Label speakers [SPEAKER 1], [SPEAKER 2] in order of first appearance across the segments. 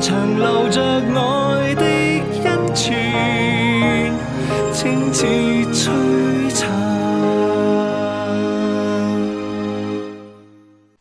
[SPEAKER 1] 長留着愛的恩賜，清澈璀璨。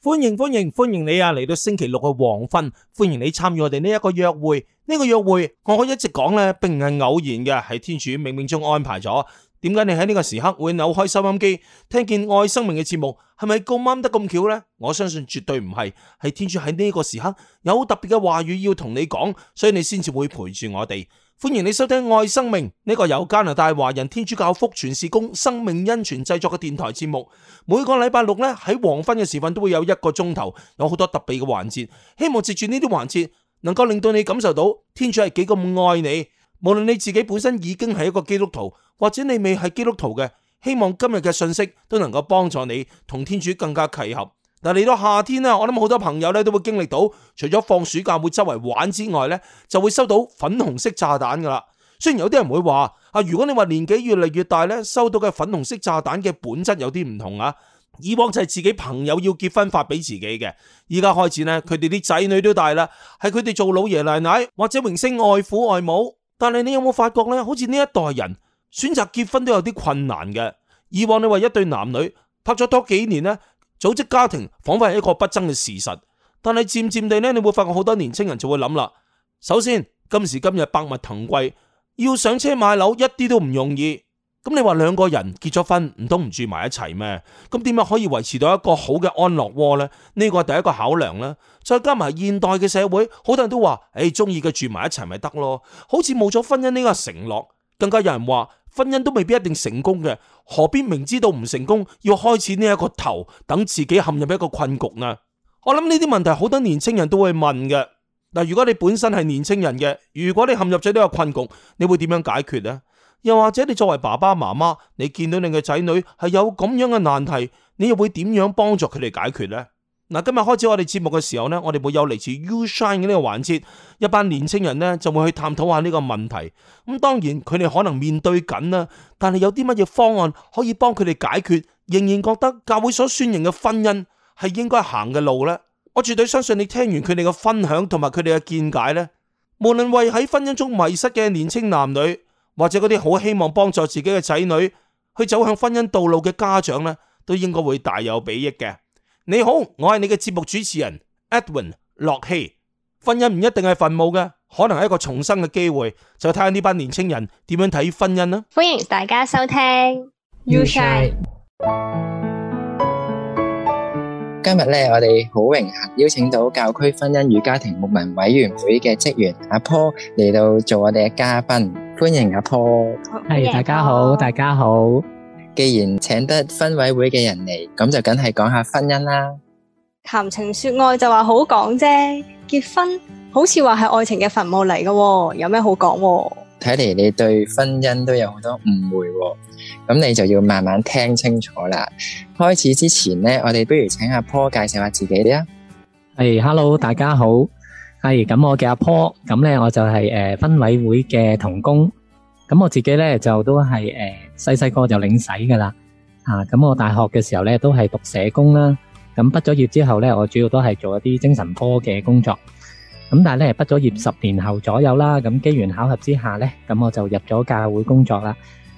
[SPEAKER 2] 歡迎歡迎歡迎你啊！嚟到星期六嘅黃昏，歡迎你參與我哋呢一個約會。呢、這個約會，我可以一直講咧，並唔係偶然嘅，喺天主冥冥中安排咗。點解你喺呢個時刻會扭開收音機聽見愛生命嘅節目？係咪咁啱得咁巧呢？我相信絕對唔係，係天主喺呢個時刻有好特別嘅話語要同你講，所以你先至會陪住我哋。歡迎你收聽愛生命呢個，有加拿大華人天主教福傳事工生命恩泉製作嘅電台節目。每個禮拜六咧喺黃昏嘅時分都會有一個鐘頭，有好多特別嘅環節。希望藉住呢啲環節，能夠令到你感受到天主係幾咁愛你。無論你自己本身已經係一個基督徒，或者你未係基督徒嘅，希望今日嘅信息都能夠幫助你同天主更加契合。但嚟到夏天咧，我諗好多朋友咧都會經歷到，除咗放暑假會周圍玩之外咧，就會收到粉紅色炸彈噶啦。雖然有啲人會話啊，如果你話年紀越嚟越大咧，收到嘅粉紅色炸彈嘅本質有啲唔同啊。以往就係自己朋友要結婚發俾自己嘅，依家開始咧，佢哋啲仔女都大啦，係佢哋做老爺奶奶或者榮升外父外母。但係你有冇發覺咧？好似呢一代人選擇結婚都有啲困難嘅。以往你話一對男女拍咗拖幾年咧，組織家庭仿佛係一個不爭嘅事實。但係漸漸地咧，你會發覺好多年青人就會諗啦。首先，今時今日百物騰貴，要上車買樓一啲都唔容易。咁你話兩個人結咗婚唔通唔住埋一齊咩？咁點樣可以維持到一個好嘅安樂窩呢？呢個係第一個考量啦，再加埋現代嘅社會，好多人都話，誒、哎，中意嘅住埋一齊咪得咯，好似冇咗婚姻呢個承諾，更加有人話婚姻都未必一定成功嘅，何必明知道唔成功要開始呢一個頭，等自己陷入一個困局呢？我諗呢啲問題好多年青人都會問嘅。嗱，如果你本身係年青人嘅，如果你陷入咗呢個困局，你會點樣解決呢？又或者你作為爸爸媽媽，你見到你嘅仔女係有咁樣嘅難題，你又會點樣幫助佢哋解決呢？嗱，今日開始我哋節目嘅時候呢，我哋會有嚟自 You Shine 嘅呢個環節，一班年青人呢，就會去探討下呢個問題。咁當然佢哋可能面對緊啦，但係有啲乜嘢方案可以幫佢哋解決，仍然覺得教會所宣揚嘅婚姻係應該行嘅路呢？我絕對相信你聽完佢哋嘅分享同埋佢哋嘅見解呢，無論為喺婚姻中迷失嘅年青男女。或者嗰啲好希望幫助自己嘅仔女去走向婚姻道路嘅家長呢，都應該會大有裨益嘅。你好，我係你嘅節目主持人 Edwin 駱曦。婚姻唔一定係墳墓嘅，可能係一個重生嘅機會。就睇下呢班年青人點樣睇婚姻啦。
[SPEAKER 3] 歡迎大家收聽。
[SPEAKER 4] 今日咧，我哋好榮幸邀請到教區婚姻與家庭牧民委員會嘅職員阿坡嚟到做我哋嘅嘉賓，歡迎阿坡。
[SPEAKER 5] 係、okay，大家好，大家好。
[SPEAKER 4] 既然請得婚委會嘅人嚟，咁就梗係講下婚姻啦。
[SPEAKER 3] 談情說愛就話好講啫，結婚好似話係愛情嘅墳墓嚟㗎喎，有咩好講喎？
[SPEAKER 4] 睇嚟你對婚姻都有好多誤會喎。咁你就要慢慢聽清楚啦。開始之前咧，我哋不如請阿 Paul 介紹下自己啊。
[SPEAKER 5] 係，hello，大家好。係，咁我叫阿 Paul，咁咧我就係誒分委會嘅同工。咁我自己咧就都係誒細細個就領洗噶啦。啊，咁我大學嘅時候咧都係讀社工啦。咁畢咗業之後咧，我主要都係做一啲精神科嘅工作。咁但係咧，畢咗業十年後左右啦，咁機緣巧合之下咧，咁我就入咗教會工作啦。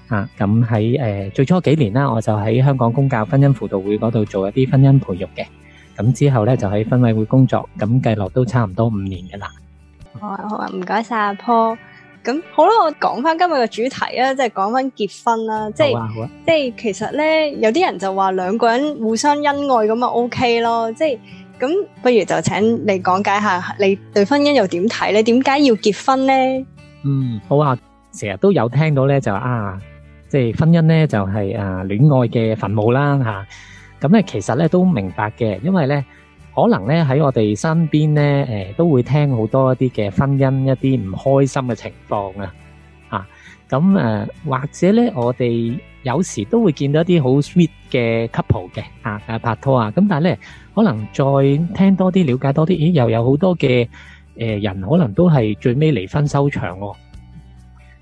[SPEAKER 5] 啊，咁喺誒最初幾年啦，我就喺香港公教婚姻輔導會嗰度做一啲婚姻培育嘅，咁之後咧就喺分委會工作，咁計落都差唔多五年㗎喇。
[SPEAKER 3] 好啊，好啊，唔該晒阿 Paul。咁好啦，我講翻今日嘅主題啦，即係講翻結婚啦，即係即係其實咧，有啲人就話兩個人互相恩愛咁啊 OK 咯，即係咁，不如就請你講解下你對婚姻又點睇咧？點解要結婚咧？嗯，
[SPEAKER 5] 好啊，成日都有聽到咧就啊～即係婚姻呢，就係誒戀愛嘅墳墓啦吓。咁呢，其實呢都明白嘅，因為呢可能呢喺我哋身邊呢誒，都會聽好多一啲嘅婚姻一啲唔開心嘅情況啊。啊，咁誒或者呢，我哋有時都會見到一啲好 sweet 嘅 couple 嘅啊，誒拍拖啊。咁但係呢，可能再聽多啲了解多啲，咦又有好多嘅誒人可能都係最尾離婚收場喎。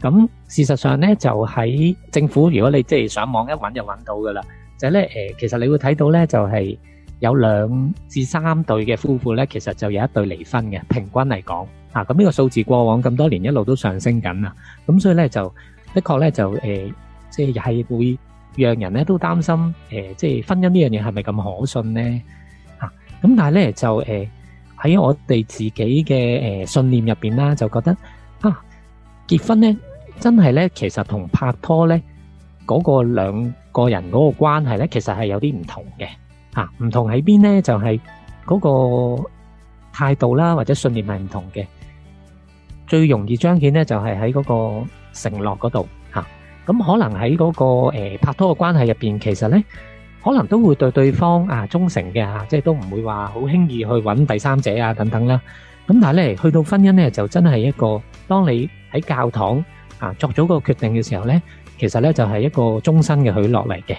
[SPEAKER 5] 咁事實上咧，就喺政府，如果你即係上網一揾就揾到㗎喇，就係咧誒，其實你會睇到咧，就係有兩至三對嘅夫婦咧，其實就有一對離婚嘅。平均嚟講，啊，咁呢個數字過往咁多年一路都上升緊喇。咁所以咧，就的確咧，就誒，即係係會讓人咧都擔心誒，即係婚姻呢樣嘢係咪咁可信咧？嚇！咁但係咧就誒喺我哋自己嘅誒信念入邊啦，就覺得啊，結婚咧。真係咧，其實同拍拖咧嗰個兩個人嗰個關係咧，其實係有啲唔同嘅吓。唔同喺邊咧，就係嗰個態度啦，或者信念係唔同嘅。最容易彰顯咧，就係喺嗰個承諾嗰度吓。咁可能喺嗰個誒拍拖嘅關係入邊，其實咧可能都會對對方啊忠誠嘅吓，即係都唔會話好輕易去揾第三者啊等等啦。咁但係咧去到婚姻咧，就真係一個當你喺教堂，啊，作咗個決定嘅時候咧，其實咧就係一個終身嘅許諾嚟嘅，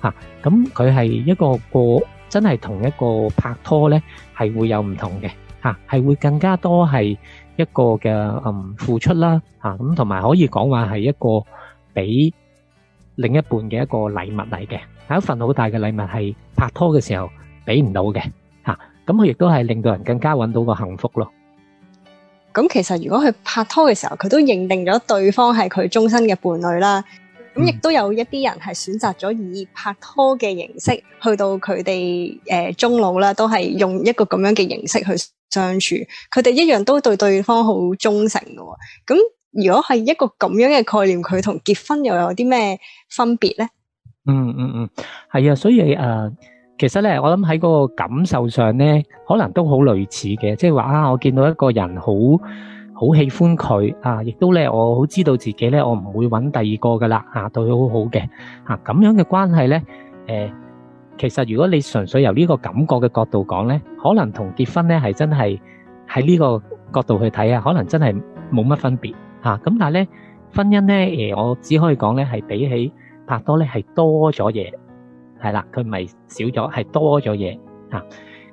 [SPEAKER 5] 吓咁佢係一個個真係同一個拍拖咧係會有唔同嘅，吓係會更加多係一個嘅嗯付出啦，吓咁同埋可以講話係一個俾另一半嘅一個禮物嚟嘅，係一份好大嘅禮物係拍拖嘅時候俾唔到嘅，吓咁佢亦都係令到人更加揾到個幸福咯。
[SPEAKER 3] 咁其實如果佢拍拖嘅時候，佢都認定咗對方係佢終身嘅伴侶啦。咁亦都有一啲人係選擇咗以拍拖嘅形式去到佢哋誒終老啦，都係用一個咁樣嘅形式去相處。佢哋一樣都對對方好忠誠嘅喎。咁如果係一個咁樣嘅概念，佢同結婚又有啲咩分別呢？
[SPEAKER 5] 嗯嗯嗯，係、嗯、啊、嗯，所以誒。呃其實咧，我諗喺嗰個感受上咧，可能都好類似嘅，即係話啊，我見到一個人好好喜歡佢啊，亦都咧，我好知道自己咧，我唔會揾第二個噶啦，吓對佢好好嘅，吓咁樣嘅關係咧，誒，其實如果你純粹由呢個感覺嘅角度講咧，可能同結婚咧係真係喺呢個角度去睇啊，可能真係冇乜分別吓，咁但係咧，婚姻咧，誒，我只可以講咧，係比起拍拖咧，係多咗嘢。係啦，佢咪少咗，係多咗嘢嚇。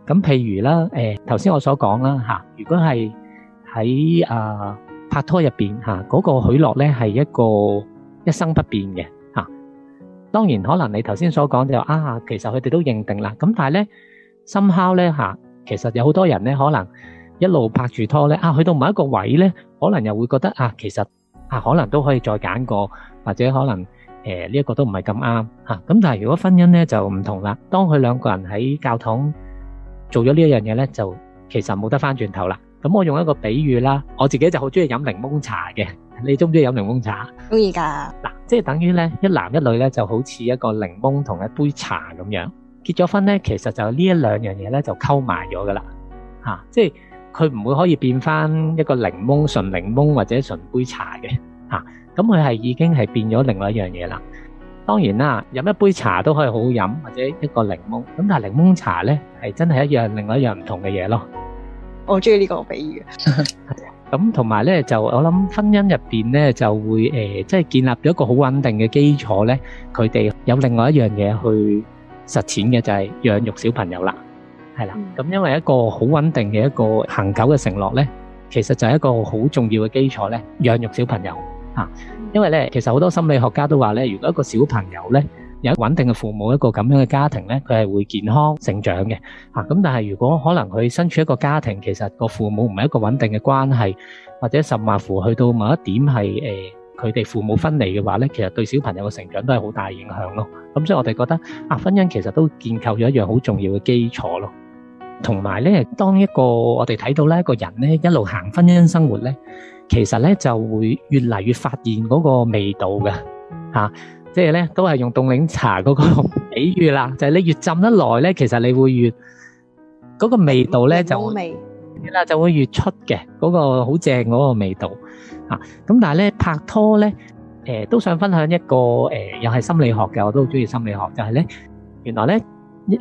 [SPEAKER 5] 咁譬如啦，誒頭先我所講啦嚇，如果係喺啊拍拖入邊嚇，嗰個許諾咧係一個一生不變嘅嚇。當然可能你頭先所講就啊，其實佢哋都認定啦。咁但係咧深敲咧嚇，其實有好多人咧可能一路拍住拖咧啊，去到某一個位咧，可能又會覺得啊，其實啊可能都可以再揀過，或者可能。誒，呢一個都唔係咁啱吓，咁但係如果婚姻咧就唔同啦。當佢兩個人喺教堂做咗呢一樣嘢咧，就其實冇得返轉頭啦。咁我用一個比喻啦，我自己就好中意飲檸檬茶嘅。你中唔中意飲檸檬茶？
[SPEAKER 3] 中意噶。嗱，
[SPEAKER 5] 即係等於咧，一男一女咧就好似一個檸檬同一杯茶咁樣。結咗婚咧，其實就呢一兩樣嘢咧就溝埋咗噶啦。吓，即係佢唔會可以變返一個檸檬，純檸檬或者純杯茶嘅。吓。咁佢係已經係變咗另外一樣嘢啦。當然啦，飲一杯茶都可以好好飲，或者一個檸檬。咁但係檸檬茶呢，係真係一樣另外一樣唔同嘅嘢咯。
[SPEAKER 3] 我中意呢個比喻。
[SPEAKER 5] 咁同埋呢，就我諗婚姻入邊呢，就會誒，即係建立咗一個好穩定嘅基礎呢。佢哋有另外一樣嘢去實踐嘅就係養育小朋友啦。係啦，咁因為一個好穩定嘅一個恆久嘅承諾呢，其實就係一個好重要嘅基礎呢。養育小朋友。因為咧，其實好多心理學家都話咧，如果一個小朋友咧，有穩定嘅父母，一個咁樣嘅家庭咧，佢係會健康成長嘅。吓，咁但係如果可能佢身處一個家庭，其實個父母唔係一個穩定嘅關係，或者甚或乎去到某一點係誒佢哋父母分離嘅話咧，其實對小朋友嘅成長都係好大影響咯。咁所以我哋覺得啊，婚姻其實都建構咗一樣好重要嘅基礎咯。同埋咧，當一個我哋睇到咧，一個人咧一路行婚姻生活咧，其實咧就會越嚟越發現嗰個味道嘅吓，即係咧都係用凍檸茶嗰個比喻啦，就係你越浸得耐咧，其實你會越嗰個味道咧就，味啦就會越出嘅嗰個好正嗰個味道啊！咁但係咧拍拖咧，誒都想分享一個誒又係心理學嘅，我都好中意心理學，就係咧原來咧。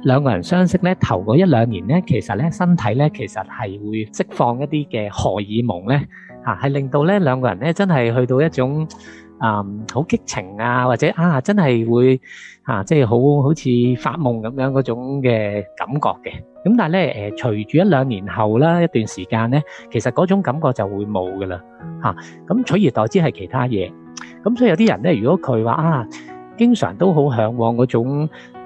[SPEAKER 5] 兩個人相識咧，頭嗰一兩年咧，其實咧身體咧，其實係會釋放一啲嘅荷爾蒙咧，吓係令到咧兩個人咧真係去到一種嗯好激情啊，或者啊真係會吓即係好好似發夢咁樣嗰種嘅感覺嘅。咁但係咧誒，隨住一兩年後啦，一段時間咧，其實嗰種感覺就會冇㗎喇吓。咁取而代之係其他嘢。咁所以有啲人咧，如果佢話啊，經常都好嚮往嗰種。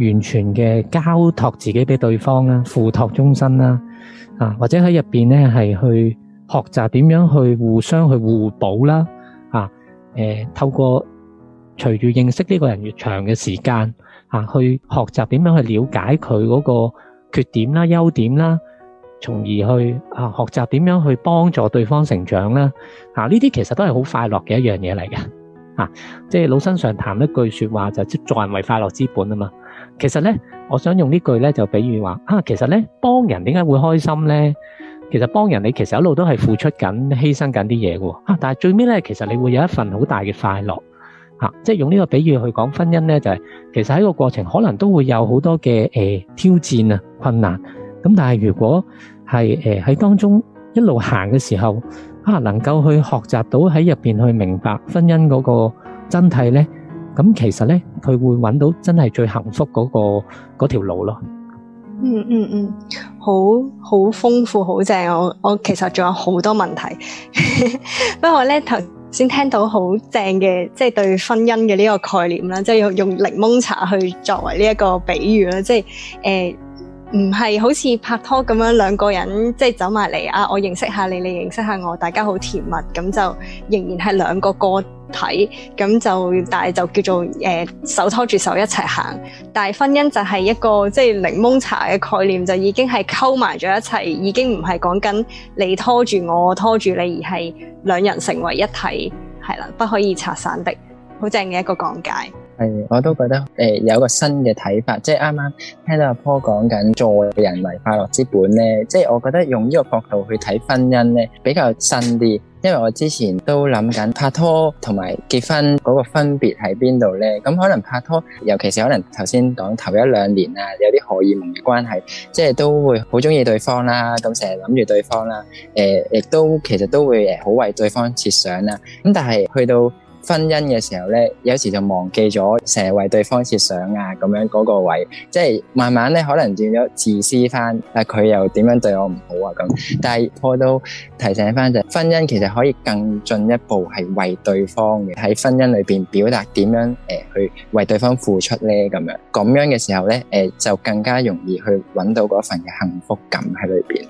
[SPEAKER 5] 完全嘅交託自己俾對方啦，付託終身啦，啊，或者喺入邊咧，係去學習點樣去互相去互補啦，啊，誒、呃，透過隨住認識呢個人越長嘅時間啊，去學習點樣去了解佢嗰個缺點啦、優點啦，從、啊、而去啊，學習點樣去幫助對方成長咧。嗱、啊，呢啲其實都係好快樂嘅一樣嘢嚟嘅，啊，即係老生常談一句説話，就助、是、人為快樂之本啊嘛。其實咧，我想用呢句咧，就比喻話啊，其實咧幫人點解會開心咧？其實幫人你其實一路都係付出緊、犧牲緊啲嘢噶喎啊！但係最尾咧，其實你會有一份好大嘅快樂啊！即係用呢個比喻去講婚姻咧，就係其實喺個過程可能都會有好多嘅誒挑戰啊困難咁，但係如果係誒喺當中一路行嘅時候啊，能夠去學習到喺入邊去明白婚姻嗰個真諦咧。咁其實咧，佢會揾到真係最幸福嗰個嗰條路咯、
[SPEAKER 3] 嗯。嗯嗯嗯，好好豐富，好正。我我其實仲有好多問題， 不過咧頭先聽到好正嘅，即係對婚姻嘅呢個概念啦，即係用用檸檬茶去作為呢一個比喻啦，即係誒唔係好似拍拖咁樣兩個人即係走埋嚟啊，我認識下你，你認識下我，大家好甜蜜，咁就仍然係兩個個。睇咁就，但係就叫做誒、呃、手拖住手一齊行。但係婚姻就係一個即係檸檬茶嘅概念，就已經係溝埋咗一齊，已經唔係講緊你拖住我拖住你，而係兩人成為一體，係啦，不可以拆散的。好正嘅一個講解。
[SPEAKER 4] 係，我都覺得誒、呃、有個新嘅睇法，即係啱啱聽到阿坡講緊助人為快樂之本咧，即係我覺得用呢個角度去睇婚姻咧，比較新啲。因為我之前都諗緊拍拖同埋結婚嗰個分別喺邊度呢？咁、嗯、可能拍拖，尤其是可能頭先講頭一兩年啊，有啲荷爾蒙嘅關係，即係都會好中意對方啦，咁成日諗住對方啦，誒、呃，亦都其實都會誒好為對方設想啦。咁、嗯、但係去到，婚姻嘅時候咧，有時就忘記咗，成日為對方設想啊，咁樣嗰個位，即係慢慢咧可能變咗自私翻。啊，佢又點樣對我唔好啊？咁，但係 Paul 都提醒翻就，婚姻其實可以更進一步係為對方嘅。喺婚姻裏邊表達點樣誒，去為對方付出咧，咁樣咁樣嘅時候咧，誒就更加容易去揾到嗰份嘅幸福感喺裏邊。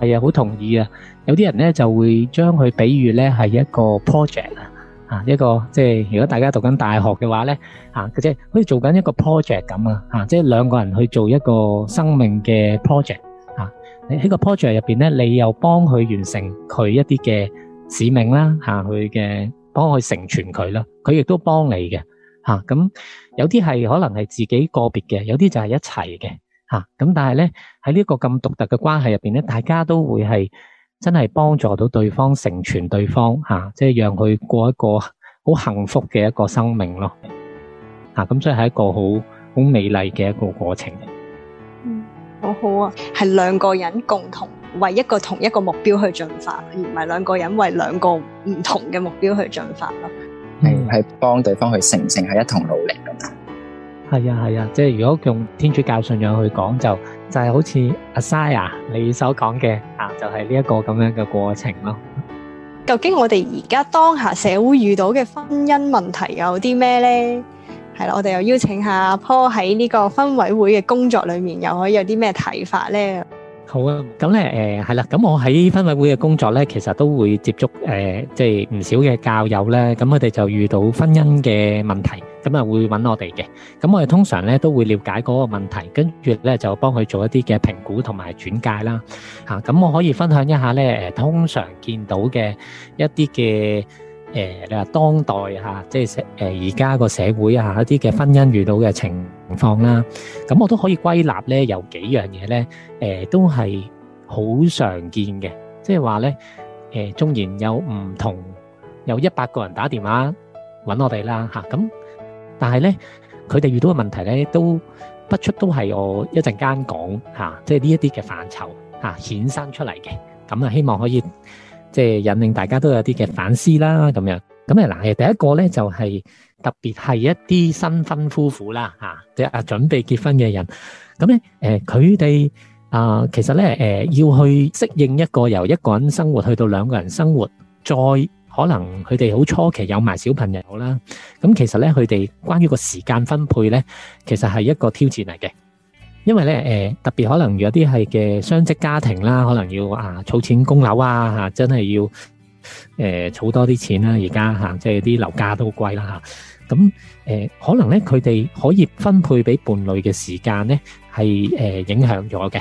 [SPEAKER 5] 係啊，好同意啊。有啲人咧就會將佢比喻咧係一個 project 啊。啊，一個即係如果大家讀緊大學嘅話咧，啊，佢即係好似做緊一個 project 咁啊，啊，即係兩個人去做一個生命嘅 project 啊，喺個 project 入邊咧，你又幫佢完成佢一啲嘅使命啦，嚇佢嘅幫佢成全佢啦，佢亦都幫你嘅，嚇咁有啲係可能係自己個別嘅，有啲就係一齊嘅，嚇咁但係咧喺呢個咁獨特嘅關係入邊咧，大家都會係。真係幫助到對方成全對方吓，即係讓佢過一個好幸福嘅一個生命咯。啊，咁所以係一個好好美麗嘅一個過程。嗯，
[SPEAKER 3] 好好啊，係兩個人共同為一個同一個目標去進化，而唔係兩個人為兩個唔同嘅目標去進化咯。
[SPEAKER 5] 係係幫對方去成成，係一同努力咁啊。係啊係啊，即係如果用天主教信仰去講就。就係好似阿 Saya 啊，你所講嘅啊，就係呢一個咁樣嘅過程咯。
[SPEAKER 3] 究竟我哋而家當下社會遇到嘅婚姻問題有啲咩呢？係啦，我哋又邀請下阿 Paul 喺呢個婚委會嘅工作裏面，又可以有啲咩睇法呢？
[SPEAKER 5] 好啊，咁咧誒係啦，咁我喺分委會嘅工作咧，其實都會接觸誒，即係唔少嘅教友咧，咁佢哋就遇到婚姻嘅問題，咁啊會揾我哋嘅，咁我哋通常咧都會瞭解嗰個問題，跟住咧就幫佢做一啲嘅評估同埋轉介啦，嚇，咁我可以分享一下咧，誒，通常見到嘅一啲嘅。誒，你話當代嚇，即係社誒而家個社會啊，一啲嘅婚姻遇到嘅情況啦，咁我都可以歸納咧，有幾樣嘢咧，誒都係好常見嘅，即係話咧，誒縱然有唔同，有一百個人打電話揾我哋啦嚇，咁，但係咧佢哋遇到嘅問題咧，都不出都係我一陣間講嚇，即係呢一啲嘅範疇嚇衍生出嚟嘅，咁啊希望可以。即係引領大家都有啲嘅反思啦，咁樣咁誒嗱，係第一個咧就係特別係一啲新婚夫婦啦，吓即係啊準備結婚嘅人，咁咧誒佢哋啊其實咧誒要去適應一個由一個人生活去到兩個人生活，再可能佢哋好初期有埋小朋友啦，咁其實咧佢哋關於個時間分配咧，其實係一個挑戰嚟嘅。因為咧，誒，特別可能有啲係嘅雙職家庭啦，可能要啊儲錢供樓啊，吓真係要誒儲多啲錢啦。而家吓，即係啲樓價都好貴啦，吓咁誒，可能咧佢哋可以分配俾伴侶嘅時間咧，係誒影響咗嘅，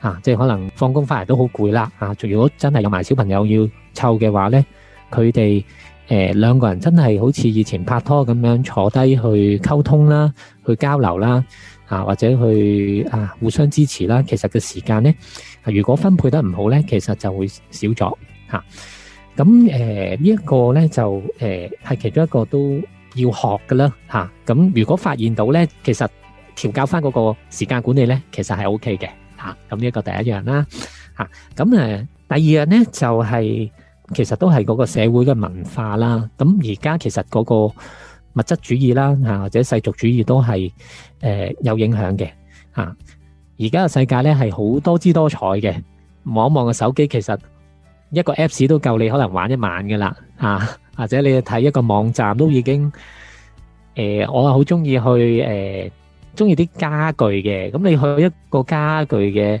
[SPEAKER 5] 啊，即係可能放工翻嚟都好攰啦，啊，如果真係有埋小朋友要湊嘅話咧，佢哋誒兩個人真係好似以前拍拖咁樣坐低去溝通啦，去交流啦。啊，或者去啊互相支持啦。其實個時間呢，如果分配得唔好呢，其實就會少咗吓。咁誒呢一個呢就誒係其中一個都要學噶啦吓。咁如果發現到呢，其實調教翻嗰個時間管理呢，其實係 OK 嘅吓。咁呢一個第一樣啦吓。咁誒第二樣呢就係其實都係嗰個社會嘅文化啦。咁而家其實嗰個。物質主義啦，嚇，或者世俗主義都係誒有影響嘅嚇。而家嘅世界咧係好多姿多彩嘅，望一望個手機其實一個 Apps 都夠你可能玩一晚㗎啦嚇，或者你去睇一個網站都已經誒，我係好中意去誒，中意啲傢俱嘅，咁你去一個傢俱嘅。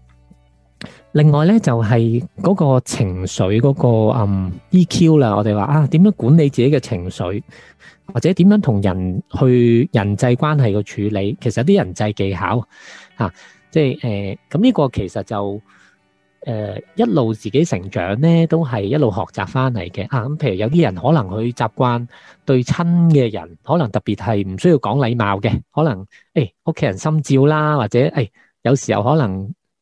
[SPEAKER 5] 另外咧，就係嗰個情緒嗰個嗯 EQ 啦，我哋話啊，點樣管理自己嘅情緒，或者點樣同人去人際關係嘅處理，其實有啲人際技巧吓，即係誒，咁呢個其實就誒一路自己成長咧，都係一路學習翻嚟嘅啊。咁譬如有啲人可能佢習慣對親嘅人，可能特別係唔需要講禮貌嘅，可能誒屋企人心照啦，或者誒有時候可能。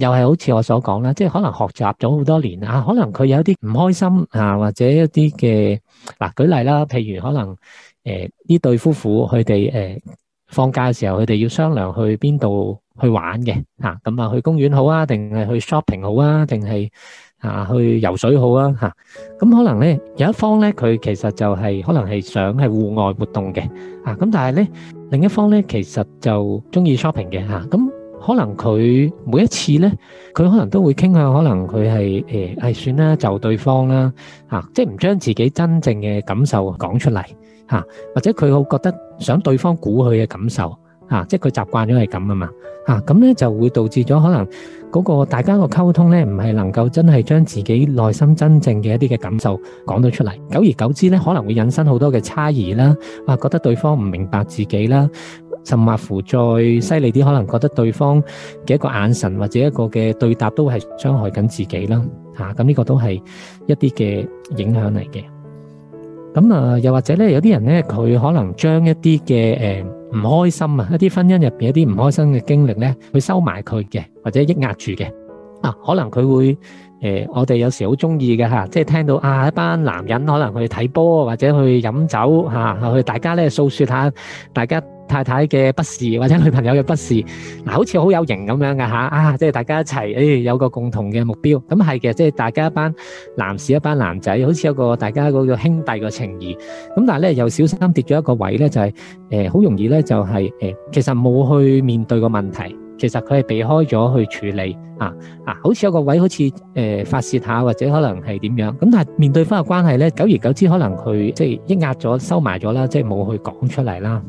[SPEAKER 5] 又係好似我所講啦，即係可能學習咗好多年啊，可能佢有啲唔開心啊，或者一啲嘅嗱，舉例啦，譬如可能誒呢對夫婦佢哋誒放假嘅時候，佢哋要商量去邊度去玩嘅吓，咁啊去公園好啊，定係去 shopping 好啊，定係啊去游水好啊吓，咁可能呢有一方呢佢其實就係可能係想係戶外活動嘅啊，咁但係呢另一方呢其實就中意 shopping 嘅吓，咁。可能佢每一次呢，佢可能都會傾向，可能佢係誒係算啦，就對方啦，嚇、啊，即係唔將自己真正嘅感受講出嚟嚇、啊，或者佢好覺得想對方估佢嘅感受嚇、啊，即係佢習慣咗係咁啊嘛嚇，咁、啊、咧、嗯、就會導致咗可能嗰個大家個溝通呢，唔係能夠真係將自己內心真正嘅一啲嘅感受講到出嚟，久而久之呢，可能會引申好多嘅差異啦、啊，啊，覺得對方唔明白自己啦。啊。甚至乎再犀利啲，可能覺得對方嘅一個眼神或者一個嘅對答都係傷害緊自己啦。嚇，咁呢個都係一啲嘅影響嚟嘅。咁啊，又或者咧，有啲人咧，佢可能將一啲嘅誒唔開心啊，一啲婚姻入邊一啲唔開心嘅經歷咧，去收埋佢嘅，或者抑壓住嘅。啊，可能佢會誒，我哋有時好中意嘅嚇，即係聽到啊一班男人可能去睇波或者去飲酒嚇，去大家咧訴説下大家。太太嘅不是或者女朋友嘅不是嗱，好似好有型咁樣嘅嚇啊，即係大家一齊誒，有個共同嘅目標咁係嘅，即係大家一班男士一班男仔，好似有個大家嗰個兄弟嘅情誼咁。但係咧又小心跌咗一個位咧，就係誒好容易咧，就係誒其實冇去面對個問題，其實佢係避開咗去處理啊啊，好似有個位好似誒發泄下或者可能係點樣咁，但係面對翻個關係咧，久而久之可能佢即係抑壓咗收埋咗啦，即係冇去講出嚟啦。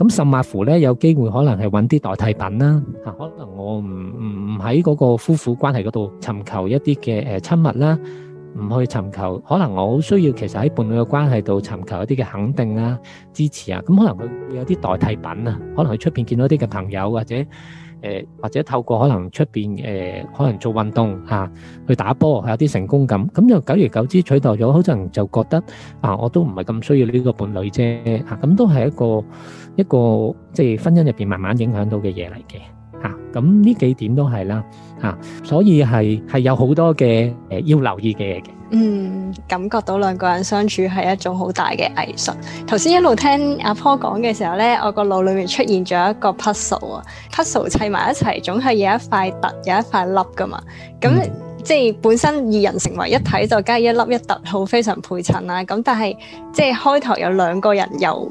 [SPEAKER 5] 咁甚至乎咧，有機會可能係揾啲代替品啦。嚇，可能我唔唔喺嗰個夫婦關係嗰度尋求一啲嘅誒親密啦，唔去尋求。可能我好需要，其實喺伴侶嘅關係度尋求一啲嘅肯定啊、支持啊。咁可能佢有啲代替品啊，可能佢出邊見到啲嘅朋友或者。誒或者透過可能出邊誒可能做運動嚇，去打波有啲成功感，咁就久而久之取代咗，可能就覺得啊，我都唔係咁需要呢個伴侶啫嚇，咁都係一個一個即係婚姻入邊慢慢影響到嘅嘢嚟嘅嚇，咁呢幾點都係啦嚇，所以係係有好多嘅誒要留意嘅嘢嘅。
[SPEAKER 3] 嗯，感覺到兩個人相處係一種好大嘅藝術。頭先一路聽阿婆講嘅時候呢，我個腦裏面出現咗一個 puzzle 啊 ，puzzle 砌埋一齊，總係有一塊凸，有一塊凹㗎嘛。咁即係本身二人成為一體，就加一凹一凸，好非常配襯啦。咁但係即係開頭有兩個人又，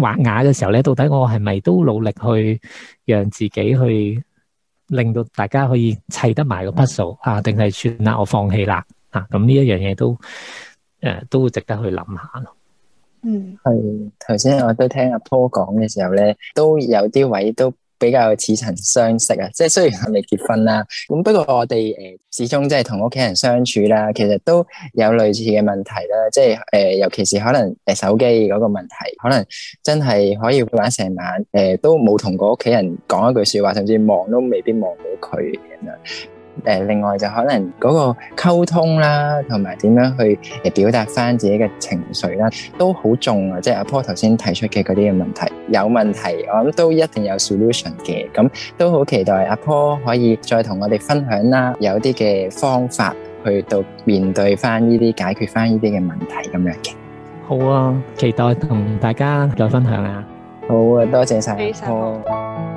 [SPEAKER 5] 畫牙嘅時候咧，到底我係咪都努力去讓自己去令到大家可以砌得埋個筆數、嗯、啊？定係算啦，我放棄啦啊！咁呢一樣嘢，都誒、啊、都值得去諗下咯。嗯，
[SPEAKER 4] 係頭先我都聽阿 Paul 講嘅時候咧，都有啲位都。比較似曾相識啊！即係雖然係未結婚啦，咁不過我哋誒始終即係同屋企人相處啦，其實都有類似嘅問題啦。即係誒，尤其是可能誒手機嗰個問題，可能真係可以玩成晚誒，都冇同過屋企人講一句説話，甚至望都未必望到佢咁樣。誒，另外就可能嗰個溝通啦，同埋點樣去誒表達翻自己嘅情緒啦，都好重啊！即係阿婆頭先提出嘅嗰啲嘅問題有問題，我諗都一定有 solution 嘅。咁都好期待阿婆可以再同我哋分享啦，有啲嘅方法去到面對翻呢啲解決翻呢啲嘅問題咁樣嘅。
[SPEAKER 5] 好啊，期待同大家再分享啊！好啊，多謝
[SPEAKER 4] 晒。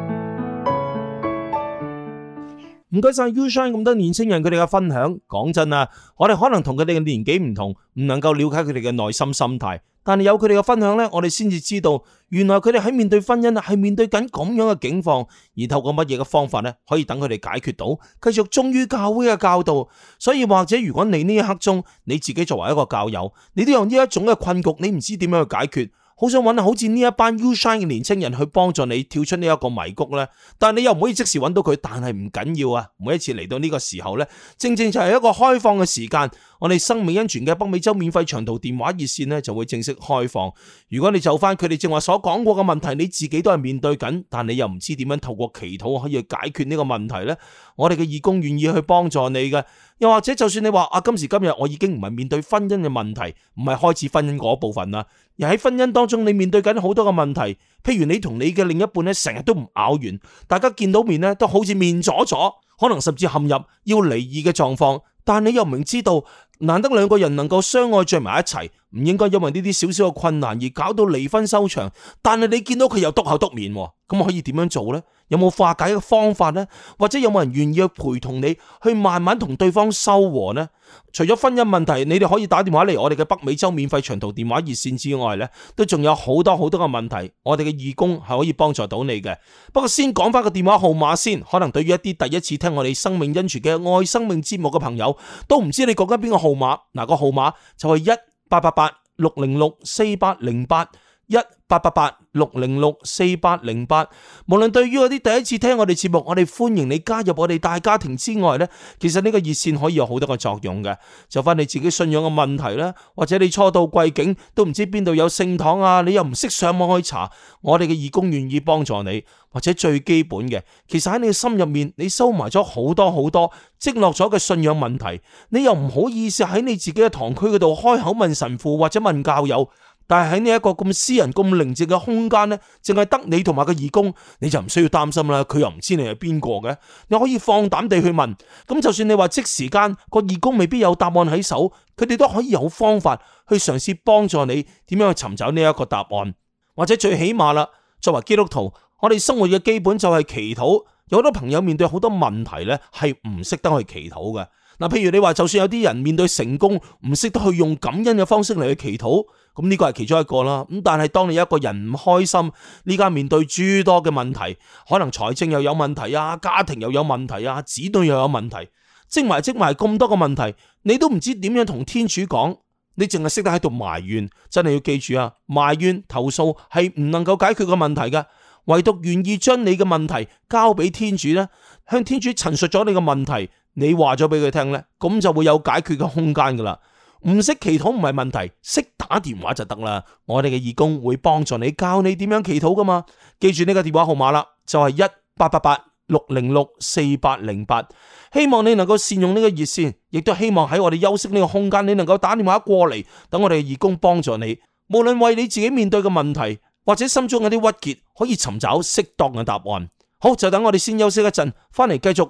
[SPEAKER 4] 唔該晒，U
[SPEAKER 2] Shine 咁多年輕人佢哋嘅分享，講真啊。我哋可能同佢哋嘅年紀唔同，唔能夠了解佢哋嘅內心心態，但係有佢哋嘅分享呢，我哋先至知道，原來佢哋喺面對婚姻啊，係面對緊咁樣嘅境況，而透過乜嘢嘅方法呢，可以等佢哋解決到，繼續忠於教會嘅教導。所以或者如果你呢一刻中，你自己作為一個教友，你都用呢一種嘅困局，你唔知點樣去解決。好想揾好似呢一班 Ushine 嘅年青人去幫助你跳出呢一個迷谷咧，但係你又唔可以即時揾到佢。但係唔緊要啊，每一次嚟到呢個時候咧，正正就係一個開放嘅時間。我哋生命恩泉嘅北美洲免費長途電話熱線咧就會正式開放。如果你就翻佢哋正話所講過嘅問題，你自己都係面對緊，但你又唔知點樣透過祈禱可以去解決呢個問題呢？我哋嘅義工願意去幫助你嘅。又或者就算你話啊，今時今日我已經唔係面對婚姻嘅問題，唔係開始婚姻嗰部分啦。而喺婚姻當中，你面對緊好多嘅問題，譬如你同你嘅另一半咧，成日都唔咬完，大家見到面咧都好似面阻阻，可能甚至陷入要離異嘅狀況，但你又明知道難得兩個人能夠相愛聚埋一齊。唔應該因為呢啲少少嘅困難而搞到離婚收場，但係你見到佢又督口督面，咁我可以點樣做呢？有冇化解嘅方法呢？或者有冇人願意去陪同你去慢慢同對方修和呢？除咗婚姻問題，你哋可以打電話嚟我哋嘅北美洲免費長途電話熱線之外呢，都仲有好多好多嘅問題，我哋嘅義工係可以幫助到你嘅。不過先講翻個電話號碼先，可能對於一啲第一次聽我哋生命恩泉嘅愛生命節目嘅朋友，都唔知你講緊邊個號碼。嗱，個號碼就係一。八八八六零六四八零八。一八八八六零六四八零八，無論對於嗰啲第一次聽我哋節目，我哋歡迎你加入我哋大家庭之外呢，其實呢個熱線可以有好多個作用嘅，就翻你自己信仰嘅問題啦，或者你初到貴境都唔知邊度有聖堂啊，你又唔識上網去查，我哋嘅義工願意幫助你，或者最基本嘅，其實喺你嘅心入面，你收埋咗好多好多積落咗嘅信仰問題，你又唔好意思喺你自己嘅堂區嗰度開口問神父或者問教友。但係喺呢一個咁私人、咁寧靜嘅空間咧，淨係得你同埋個義工，你就唔需要擔心啦。佢又唔知你係邊個嘅，你可以放膽地去問。咁就算你話即時間，個義工未必有答案喺手，佢哋都可以有方法去嘗試幫助你點樣去尋找呢一個答案，或者最起碼啦，作為基督徒，我哋生活嘅基本就係祈禱。有好多朋友面對好多問題咧，係唔識得去祈禱嘅。嗱，譬如你話，就算有啲人面對成功，唔識得去用感恩嘅方式嚟去祈禱，咁呢個係其中一個啦。咁但係當你一個人唔開心，呢家面對諸多嘅問題，可能財政又有問題啊，家庭又有問題啊，子女又有問題，積埋積埋咁多嘅問題，你都唔知點樣同天主講，你淨係識得喺度埋怨，真係要記住啊！埋怨投訴係唔能夠解決個問題嘅，唯獨願意將你嘅問題交俾天主咧，向天主陳述咗你嘅問題。你話咗俾佢聽咧，咁就會有解決嘅空間噶啦。唔識祈禱唔係問題，識打電話就得啦。我哋嘅義工會幫助你，教你點樣祈禱噶嘛。記住呢個電話號碼啦，就係一八八八六零六四八零八。希望你能夠善用呢個熱線，亦都希望喺我哋休息呢個空間，你能夠打電話過嚟，等我哋義工幫助你。無論為你自己面對嘅問題，或者心中有啲鬱結，可以尋找適當嘅答案。好，就等我哋先休息一陣，翻嚟繼續。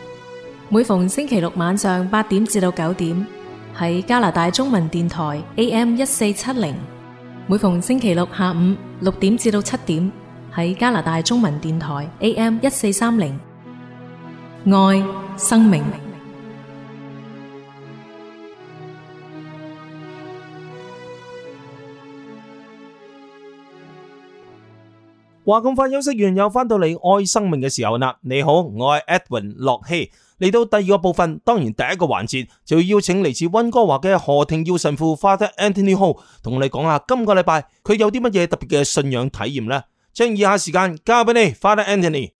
[SPEAKER 3] 每逢星期六晚上八點至到九點喺加拿大中文電台 A.M. 一四七零；每逢星期六下午六點至到七點喺加拿大中文電台 A.M. 一四三零。愛生命。明明
[SPEAKER 2] 話咁快休息完又翻到嚟愛生命嘅時候啦！你好，我係 Edwin 駱曦。嚟到第二個部分，當然第一個環節就要邀請嚟自溫哥華嘅何廷耀神父 Father Anthony Ho 同你哋講下今個禮拜佢有啲乜嘢特別嘅信仰體驗咧。將以下時間交俾你，Father Anthony。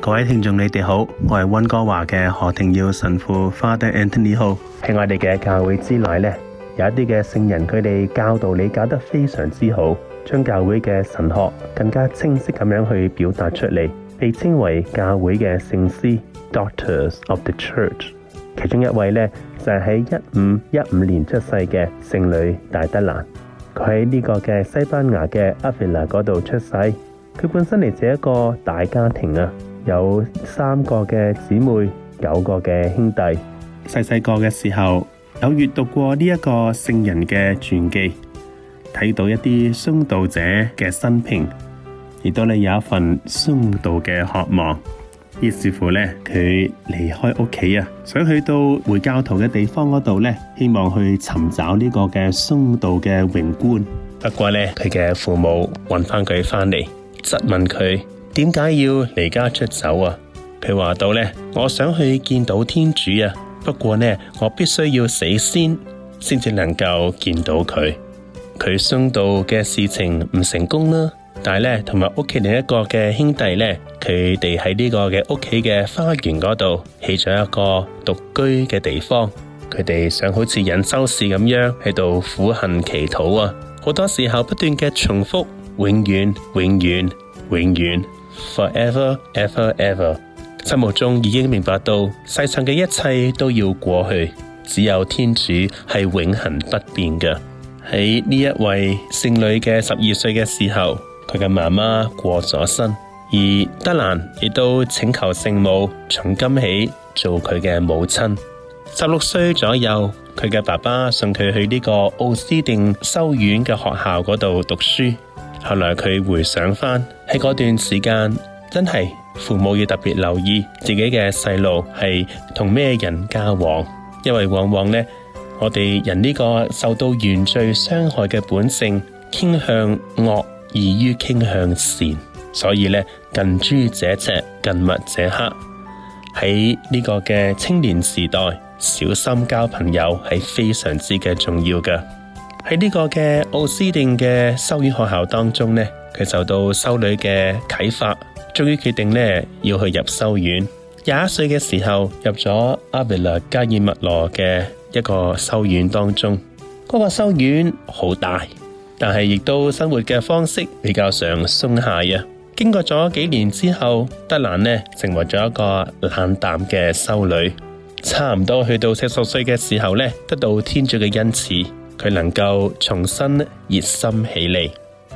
[SPEAKER 6] 各位聽眾，你哋好，我係溫哥華嘅何廷耀神父 Father Anthony Ho。喺我哋嘅教會之內呢，有一啲嘅聖人，佢哋教導你教得非常之好，將教會嘅神學更加清晰咁樣去表達出嚟。被稱為教會嘅聖師 （Doctors of the Church），其中一位呢，就係喺一五一五年出世嘅聖女大德蘭。佢喺呢個嘅西班牙嘅 Avila 嗰度出世。佢本身嚟自一個大家庭啊，有三個嘅姊妹，九個嘅兄弟。細細個嘅時候，有閱讀過呢一個聖人嘅傳記，睇到一啲殉道者嘅生平。亦都有一份松道嘅渴望，於是乎咧，佢離開屋企，想去到回教徒嘅地方嗰度，希望去尋找呢個嘅松道嘅榮冠。不過呢，佢嘅父母揾翻佢翻嚟，質問佢點解要離家出走啊？佢話到咧，我想去見到天主啊，不過呢，我必須要死先，先至能夠見到佢。佢松道嘅事情唔成功啦。但係咧，同埋屋企另一個嘅兄弟咧，佢哋喺呢個嘅屋企嘅花園嗰度起咗一個獨居嘅地方。佢哋想好似隱修士咁樣喺度苦行祈禱啊！好多時候不斷嘅重複，永遠、永遠、永遠，forever, ever, ever。心目中已經明白到世上嘅一切都要過去，只有天主係永恒不變嘅。喺呢一位聖女嘅十二歲嘅時候。佢嘅媽媽過咗身，而德蘭亦都請求聖母從今起做佢嘅母親。十六歲左右，佢嘅爸爸送佢去呢個奧斯定修院嘅學校嗰度讀書。後來佢回想返喺嗰段時間，真係父母要特別留意自己嘅細路係同咩人交往，因為往往呢，我哋人呢個受到原罪傷害嘅本性傾向惡。易於傾向善，所以呢，近朱者赤，近墨者黑。喺呢個嘅青年時代，小心交朋友係非常之重要嘅。喺呢個嘅奧斯定嘅修院學校當中呢，佢受到修女嘅啟發，終於決定呢要去入修院。廿一歲嘅時候入咗阿維拉加爾麥羅嘅一個修院當中，嗰、那個修院好大。但係，亦都生活嘅方式比較常鬆懈啊。經過咗幾年之後，德蘭呢，成為咗一個冷淡嘅修女。差唔多去到七十歲嘅時候呢，得到天主嘅恩賜，佢能夠重新熱心起嚟。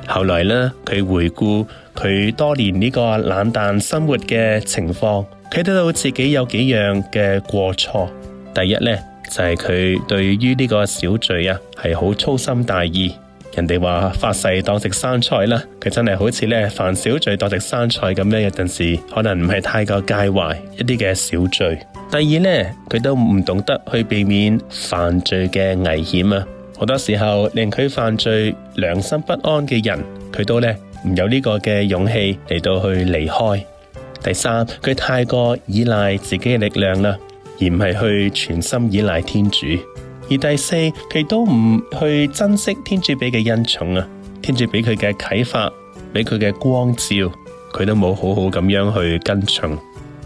[SPEAKER 6] 後來呢，佢回顧佢多年呢個冷淡生活嘅情況，佢睇到自己有幾樣嘅過錯。第一呢，就係佢對於呢個小罪啊，係好粗心大意。人哋話發誓當食生菜啦，佢真係好似咧犯小罪當食生菜咁樣。有陣時可能唔係太過介懷一啲嘅小罪。第二呢，佢都唔懂得去避免犯罪嘅危險啊。好多時候，令佢犯罪良心不安嘅人，佢都咧唔有呢個嘅勇氣嚟到去離開。第三，佢太過依賴自己嘅力量啦，而唔係去全心依賴天主。而第四，佢都唔去珍惜天主俾嘅恩寵啊，天主俾佢嘅啟發，俾佢嘅光照，佢都冇好好咁樣去跟從。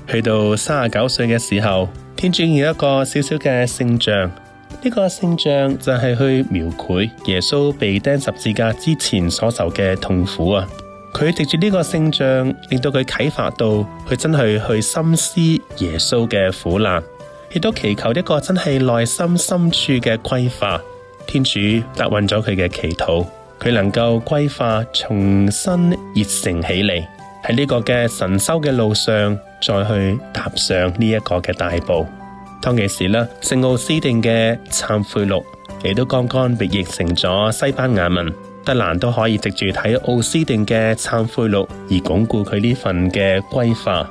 [SPEAKER 6] 去到三十九歲嘅時候，天主有一個小小嘅聖像，呢個聖像就係去描繪耶穌被釘十字架之前所受嘅痛苦啊。佢藉住呢個聖像，令到佢啟發到，佢真係去深思耶穌嘅苦難。亦都祈求一個真係內心深處嘅歸化，天主答允咗佢嘅祈禱，佢能夠歸化，重新熱誠起嚟喺呢個嘅神修嘅路上，再去踏上呢一個嘅大步。當其時咧，聖奧斯定嘅懺悔錄亦都剛剛被譯成咗西班牙文，德蘭都可以藉住睇奧斯定嘅懺悔錄而鞏固佢呢份嘅歸化。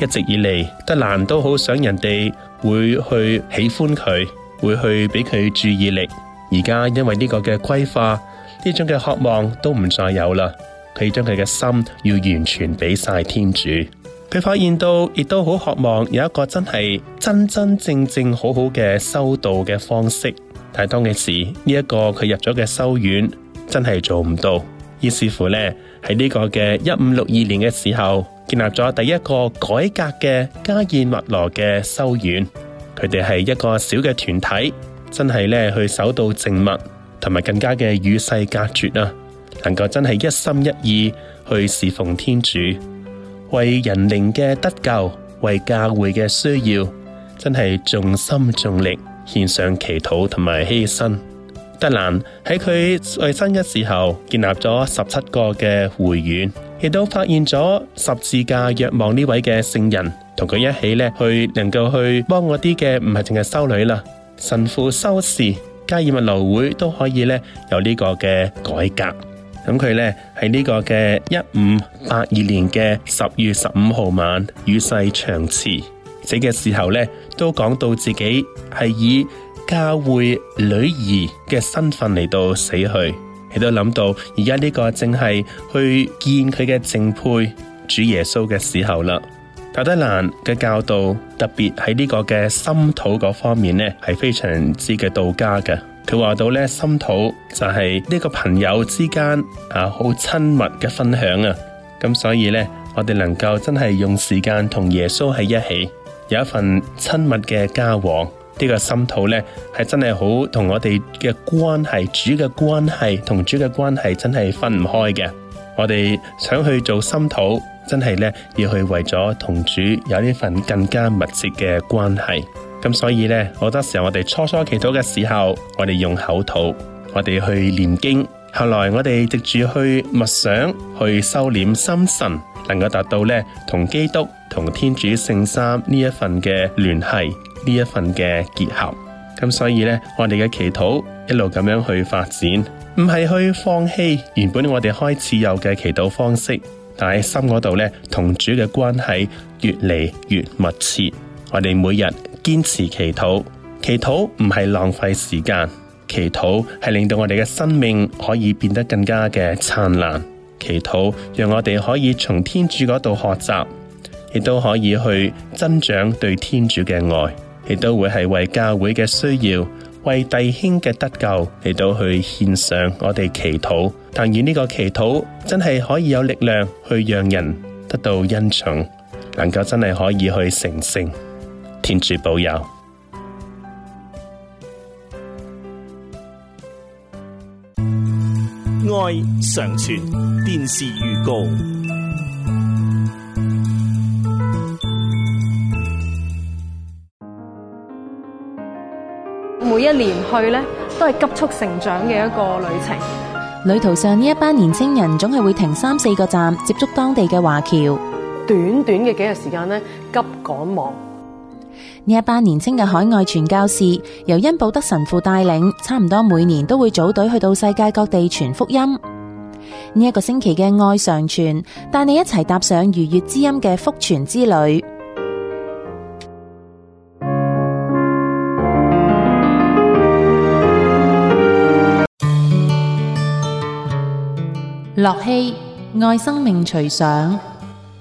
[SPEAKER 6] 一直以嚟，德蘭都好想人哋。會去喜歡佢，會去俾佢注意力。而家因為呢個嘅規劃，呢種嘅渴望都唔再有啦。佢將佢嘅心要完全俾晒天主。佢發現到，亦都好渴望有一個真係真真正正好好嘅修道嘅方式。但係當其時，呢、這、一個佢入咗嘅修院真係做唔到。於是乎呢，喺呢個嘅一五六二年嘅時候。建立咗第一個改革嘅加爾默羅嘅修院，佢哋係一個小嘅團體，真係咧去守到靜默，同埋更加嘅與世隔絕啊！能夠真係一心一意去侍奉天主，為人靈嘅得救，為教會嘅需要，真係盡心盡力獻上祈禱同埋犧牲。德蘭喺佢在生嘅時候建立咗十七個嘅會院，亦都發現咗十字架若望呢位嘅聖人，同佢一起咧去能夠去幫我啲嘅唔係淨係修女啦，神父、修士、加爾默羅會都可以咧有呢個嘅改革。咁佢咧喺呢個嘅一五八二年嘅十月十五號晚與世長辭，死嘅時候咧都講到自己係以教會女兒嘅身份嚟到死去，佢都諗到而家呢個正係去見佢嘅淨配主耶穌嘅時候啦。大德蘭嘅教導特別喺呢個嘅心禱嗰方面呢係非常之嘅道家嘅。佢話到呢，心禱就係呢個朋友之間啊，好親密嘅分享啊。咁所以呢，我哋能夠真係用時間同耶穌喺一起，有一份親密嘅交往。呢個心禱呢，係真係好同我哋嘅關係、主嘅關係、同主嘅關係真係分唔開嘅。我哋想去做心禱，真係呢，要去為咗同主有一份更加密切嘅關係。咁所以呢，好多時候我哋初初祈禱嘅時候，我哋用口禱，我哋去念經。後來我哋藉住去默想，去收斂心神，能夠達到呢同基督、同天主聖三呢一份嘅聯繫。呢一份嘅結合，咁所以呢，我哋嘅祈禱一路咁樣去發展，唔係去放棄原本我哋開始有嘅祈禱方式，但係心嗰度呢，同主嘅關係越嚟越密切。我哋每日堅持祈禱，祈禱唔係浪費時間，祈禱係令到我哋嘅生命可以變得更加嘅燦爛。祈禱讓我哋可以從天主嗰度學習，亦都可以去增長對天主嘅愛。亦都會係為教會嘅需要，為弟兄嘅得救嚟到去獻上我哋祈禱。但願呢個祈禱真係可以有力量去讓人得到恩寵，能夠真係可以去成聖。天主保佑，
[SPEAKER 2] 愛常傳。電視預告。
[SPEAKER 3] 每一年去呢，都係急速成長嘅一個旅程。旅途上呢，一班年青人總係會停三四個站，接觸當地嘅華僑。
[SPEAKER 2] 短短嘅幾日時間呢，急趕忙。
[SPEAKER 3] 呢一
[SPEAKER 4] 班年青嘅海外傳教士，由恩保德神父帶領，差唔多每年都會組隊去到世界各地傳福音。呢一個星期嘅愛上傳，帶你一齊踏上愉悅之音嘅福傳之旅。駱曦愛生命隨想。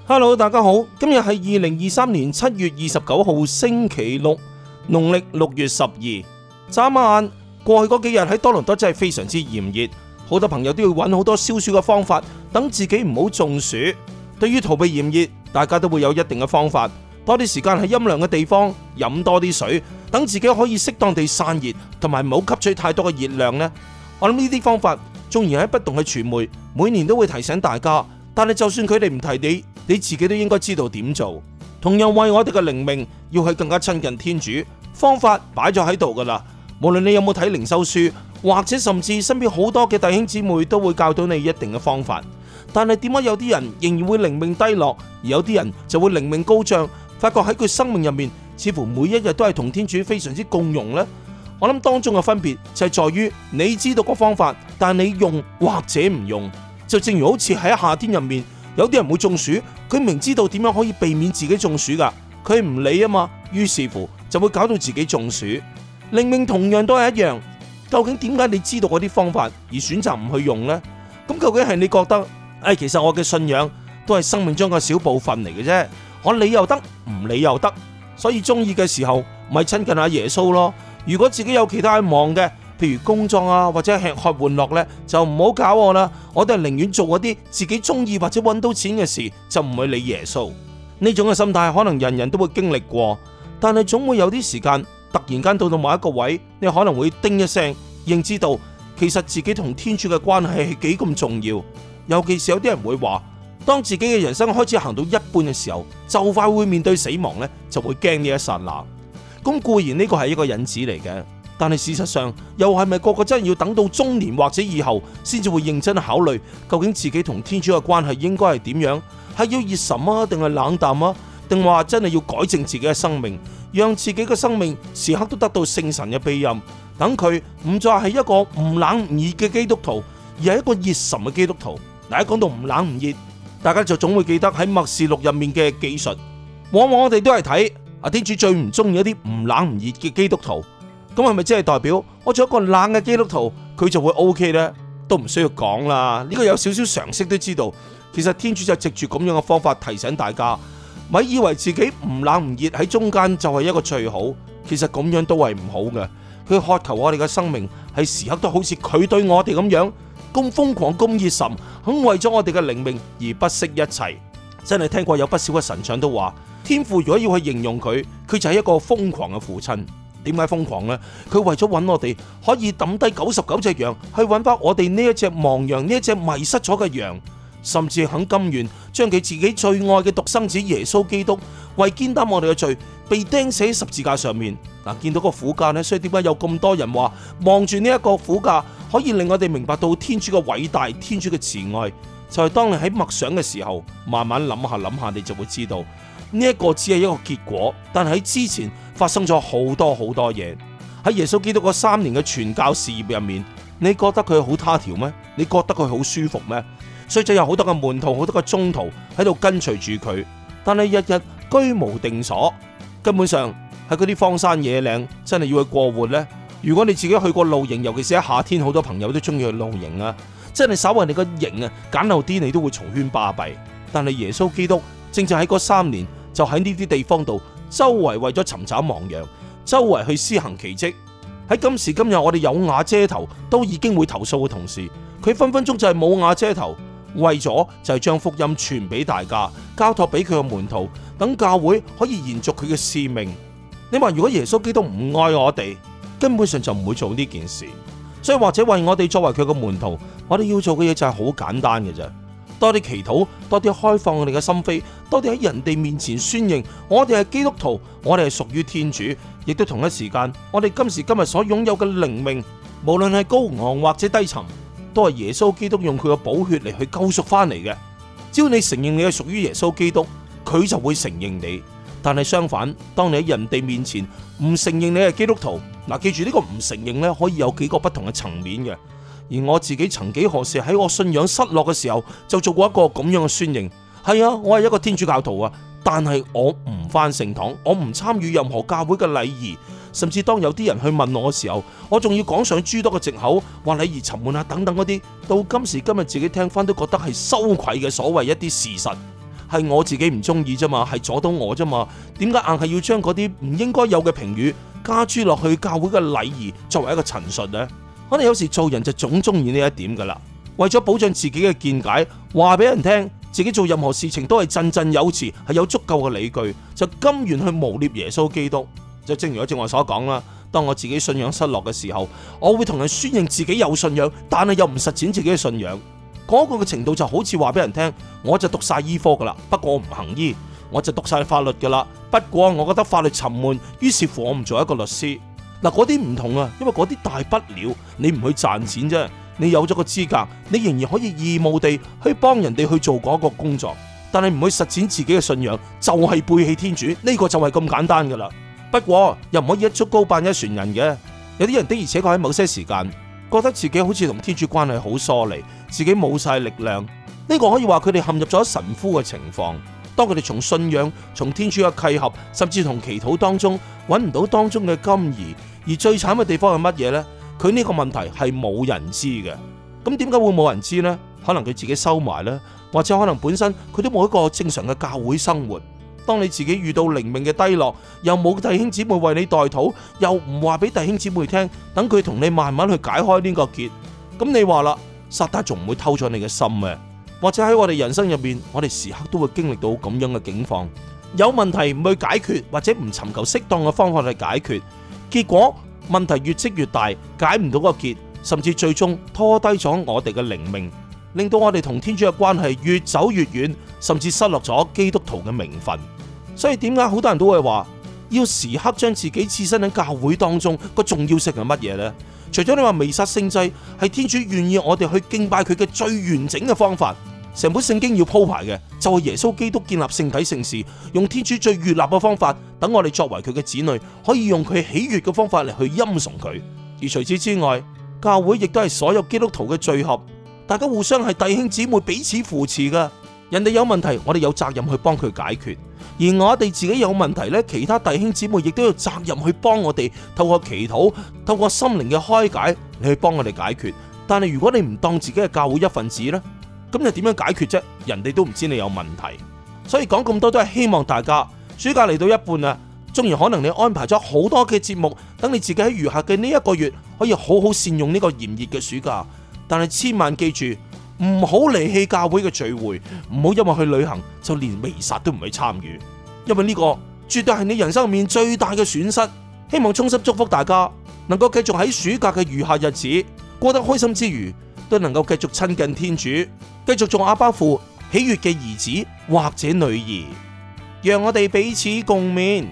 [SPEAKER 2] Hello，大家好，今日係二零二三年七月二十九號星期六，農曆六月十二。眨眼過去嗰幾日喺多倫多真係非常之炎熱，好多朋友都要揾好多消暑嘅方法，等自己唔好中暑。對於逃避炎熱，大家都會有一定嘅方法。多啲時間喺陰涼嘅地方，飲多啲水，等自己可以適當地散熱，同埋唔好吸取太多嘅熱量。呢，我諗呢啲方法，縱然喺不同嘅傳媒，每年都會提醒大家，但係就算佢哋唔提你，你自己都應該知道點做。同樣為我哋嘅靈命，要係更加親近天主，方法擺咗喺度噶啦。無論你有冇睇靈修書，或者甚至身邊好多嘅弟兄姊妹都會教到你一定嘅方法。但係點解有啲人仍然會靈命低落，而有啲人就會靈命高漲，發覺喺佢生命入面，似乎每一日都係同天主非常之共融呢。我諗當中嘅分別就係在於，你知道個方法，但你用或者唔用，就正如好似喺夏天入面，有啲人會中暑，佢明知道點樣可以避免自己中暑噶，佢唔理啊嘛，於是乎就會搞到自己中暑。靈命同樣都係一樣，究竟點解你知道嗰啲方法而選擇唔去用呢？咁究竟係你覺得，誒、哎，其實我嘅信仰都係生命中嘅小部分嚟嘅啫，我理又得，唔理又得，所以中意嘅時候咪親近阿耶穌咯。如果自己有其他嘅忙嘅，譬如工作啊或者吃喝玩樂咧，就唔好搞我啦。我哋寧願做嗰啲自己中意或者揾到錢嘅事，就唔會理耶穌。呢種嘅心態可能人人都會經歷過，但係總會有啲時間突然間到到某一個位，你可能會叮一聲，認知到其實自己同天主嘅關係係幾咁重要。尤其是有啲人會話，當自己嘅人生開始行到一半嘅時候，就快會面對死亡咧，就會驚呢一剎那。咁固然呢個係一個引子嚟嘅，但係事實上又係咪個個真係要等到中年或者以後，先至會認真考慮究竟自己同天主嘅關係應該係點樣？係要熱忱啊，定係冷淡啊？定話真係要改正自己嘅生命，讓自己嘅生命時刻都得到聖神嘅庇蔭，等佢唔再係一個唔冷唔熱嘅基督徒，而係一個熱忱嘅基督徒。嗱，一講到唔冷唔熱，大家就總會記得喺《默示錄》入面嘅記述，往往我哋都係睇。啊！天主最唔中意一啲唔冷唔熱嘅基督徒，咁係咪即係代表我做一個冷嘅基督徒，佢就會 OK 呢？都唔需要講啦。呢個有少少常識都知道。其實天主就藉住咁樣嘅方法提醒大家，咪以為自己唔冷唔熱喺中間就係一個最好。其實咁樣都係唔好嘅。佢渴求我哋嘅生命係時刻都好似佢對我哋咁樣，咁瘋狂、咁熱忱，肯為咗我哋嘅靈命而不惜一切。真係聽過有不少嘅神長都話。天父如果要去形容佢，佢就係一個瘋狂嘅父親。點解瘋狂呢？佢為咗搵我哋，可以抌低九十九隻羊去搵翻我哋呢一隻亡羊、呢一隻迷失咗嘅羊，甚至肯甘願將佢自己最愛嘅獨生子耶穌基督為肩擔我哋嘅罪，被釘死喺十字架上面嗱、啊。見到個苦架呢，所以點解有咁多人話望住呢一個苦架，可以令我哋明白到天主嘅偉大，天主嘅慈愛就係、是、當你喺默想嘅時候，慢慢諗下諗下，你就會知道。呢一個只係一個結果，但係喺之前發生咗好多好多嘢。喺耶穌基督嗰三年嘅傳教事業入面，你覺得佢好他條咩？你覺得佢好舒服咩？所以就有好多嘅門徒，好多嘅宗徒喺度跟隨住佢。但係日日居無定所，根本上喺嗰啲荒山野嶺，真係要去過活呢。如果你自己去過露營，尤其是喺夏天，好多朋友都中意去露營啊。真係稍為你個營啊簡陋啲，你都會重圈巴閉。但係耶穌基督正正喺嗰三年。就喺呢啲地方度，周圍為咗尋找亡羊，周圍去施行奇蹟。喺今時今日，我哋有瓦遮頭都已經會投訴嘅同時，佢分分鐘就係冇瓦遮頭，為咗就係將福音傳俾大家，交託俾佢個門徒，等教會可以延續佢嘅使命。你話如果耶穌基督唔愛我哋，根本上就唔會做呢件事。所以或者為我哋作為佢個門徒，我哋要做嘅嘢就係好簡單嘅啫。多啲祈禱，多啲開放我哋嘅心扉，多啲喺人哋面前宣認，我哋係基督徒，我哋係屬於天主，亦都同一時間，我哋今時今日所擁有嘅靈命，無論係高昂或者低沉，都係耶穌基督用佢嘅寶血嚟去救贖翻嚟嘅。只要你承認你係屬於耶穌基督，佢就會承認你。但係相反，當你喺人哋面前唔承認你係基督徒，嗱，記住呢個唔承認咧，可以有幾個不同嘅層面嘅。而我自己曾幾何時喺我信仰失落嘅時候，就做過一個咁樣嘅宣認，係啊，我係一個天主教徒啊，但係我唔翻聖堂，我唔參與任何教會嘅禮儀，甚至當有啲人去問我嘅時候，我仲要講上諸多嘅藉口，話禮儀沉悶啊等等嗰啲，到今時今日自己聽翻都覺得係羞愧嘅所謂一啲事實，係我自己唔中意咋嘛，係阻到我咋嘛，點解硬係要將嗰啲唔應該有嘅評語加諸落去教會嘅禮儀作為一個陳述呢？可能有時做人就總中意呢一點噶啦，為咗保障自己嘅見解，話俾人聽自己做任何事情都係振振有詞，係有足夠嘅理據，就甘願去誣衊耶穌基督。就正如我正話所講啦，當我自己信仰失落嘅時候，我會同人宣認自己有信仰，但係又唔實踐自己嘅信仰，嗰個嘅程度就好似話俾人聽，我就讀晒醫科噶啦，不過我唔行醫，我就讀晒法律噶啦，不過我覺得法律沉悶，於是乎我唔做一個律師。嗱，嗰啲唔同啊，因為嗰啲大不了，你唔去賺錢啫，你有咗個資格，你仍然可以義務地去幫人哋去做嗰個工作，但係唔去實踐自己嘅信仰，就係、是、背棄天主，呢、這個就係咁簡單噶啦。不過又唔可以一竹篙打一船人嘅，有啲人的而且確喺某些時間，覺得自己好似同天主關係好疏離，自己冇晒力量，呢、這個可以話佢哋陷入咗神枯嘅情況。當佢哋從信仰、從天主嘅契合，甚至同祈禱當中揾唔到當中嘅金兒，而最慘嘅地方係乜嘢呢？佢呢個問題係冇人知嘅。咁點解會冇人知呢？可能佢自己收埋呢，或者可能本身佢都冇一個正常嘅教會生活。當你自己遇到靈命嘅低落，又冇弟兄姊妹為你代禱，又唔話俾弟兄姊妹聽，等佢同你慢慢去解開呢個結。咁你話啦，撒旦仲唔會偷咗你嘅心咩？或者喺我哋人生入面，我哋時刻都會經歷到咁樣嘅境況，有問題唔去解決，或者唔尋求適當嘅方法去解決，結果問題越積越大，解唔到個結，甚至最終拖低咗我哋嘅靈命，令到我哋同天主嘅關係越走越遠，甚至失落咗基督徒嘅名分。所以點解好多人都會話，要時刻將自己置身喺教會當中個重要性係乜嘢咧？除咗你話彌撒聖祭係天主願意我哋去敬拜佢嘅最完整嘅方法。成本聖經要鋪排嘅就係、是、耶穌基督建立聖體聖事，用天主最悅納嘅方法，等我哋作為佢嘅子女，可以用佢喜悅嘅方法嚟去欽崇佢。而除此之外，教會亦都係所有基督徒嘅聚合，大家互相係弟兄姊妹，彼此扶持噶。人哋有問題，我哋有責任去幫佢解決；而我哋自己有問題呢，其他弟兄姊妹亦都有責任去幫我哋，透過祈禱、透過心靈嘅開解，你去幫我哋解決。但係如果你唔當自己係教會一份子呢？咁又點樣解決啫？人哋都唔知你有問題，所以講咁多都係希望大家暑假嚟到一半啦，縱然可能你安排咗好多嘅節目，等你自己喺餘下嘅呢一個月可以好好善用呢個炎熱嘅暑假，但係千萬記住唔好離棄教會嘅聚會，唔好因為去旅行就連彌撒都唔去參與，因為呢個絕對係你人生入面最大嘅損失。希望衷心祝福大家能夠繼續喺暑假嘅餘下日子過得開心之餘，都能夠繼續親近天主，繼續做阿爸父喜悅嘅兒子或者女兒，讓我哋彼此共勉。